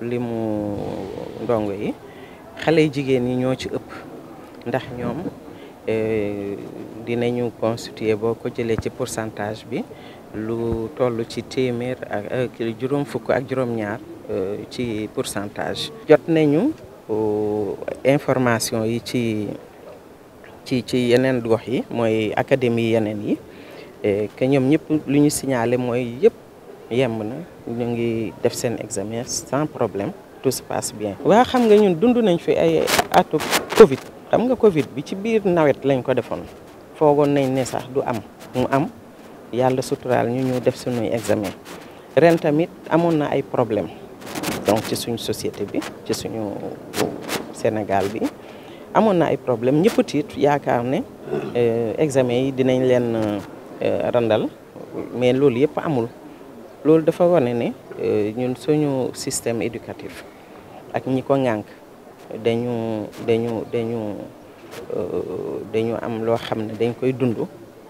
limu ndongo yi xale jigéen yi ñoo ci ëpp ndax ñoom eh, dinañu constituer boo ko jëlee ci pourcentage bi lu toll ci téeméer ak juróom fukk ak juróom-ñaar eh, ci pourcentage. jot nañu eh, information yi ci ci ci yeneen gox yi mooy académie yeneen yi. que ñoom ñëpp lu ñu signalé mooy yëpp yemb na ñu ngi def seen examen sans problème tout se passe bien. waa xam nga ñun dund nañ fi ay atu Covid xam nga Covid bi ci biir nawet lañ ko defoon foogoon nañ ne sax du am mu am yàlla suturaal ñu ñu def suñuy examen ren tamit amoon na ay problème donc ci suñu société bi ci suñu Sénégal bi amoon na ay problème ñëpp tiit yaakaar ne euh, examen yi dinañ leen. Euh, randal mais loolu yëpp amul loolu dafa wane ne euh, ñun suñu système éducatif ak ñi ko ŋànk dañu dañu dañu euh, dañu am loo xam ne dañ koy dund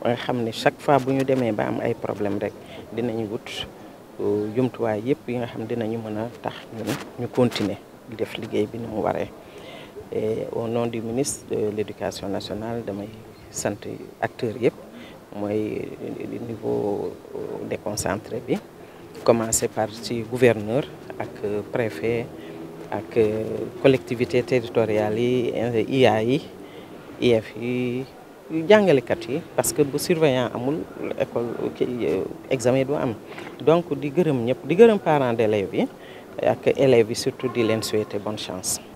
ba nga xam ne chaque fois bu ñu demee ba am ay problème rek dinañu wut jumtuwaay yëpp yi nga xam dinañu mën a tax ñu continuer def liggéey bi ni mu waree e au non du ministre de l'éducation nationale damay sant acteurs yëpp mooy niveau déconcentré bi commencé par ci gouverneur ak préfet ak collectivité territoriale yi IA yi IF yi jàngalekat yi parce que bu surveillant amul école examen du am donc di gërëm ñëpp di gërëm parents d'élèves yi ak élèves yi surtout di leen souhaiter bonne chance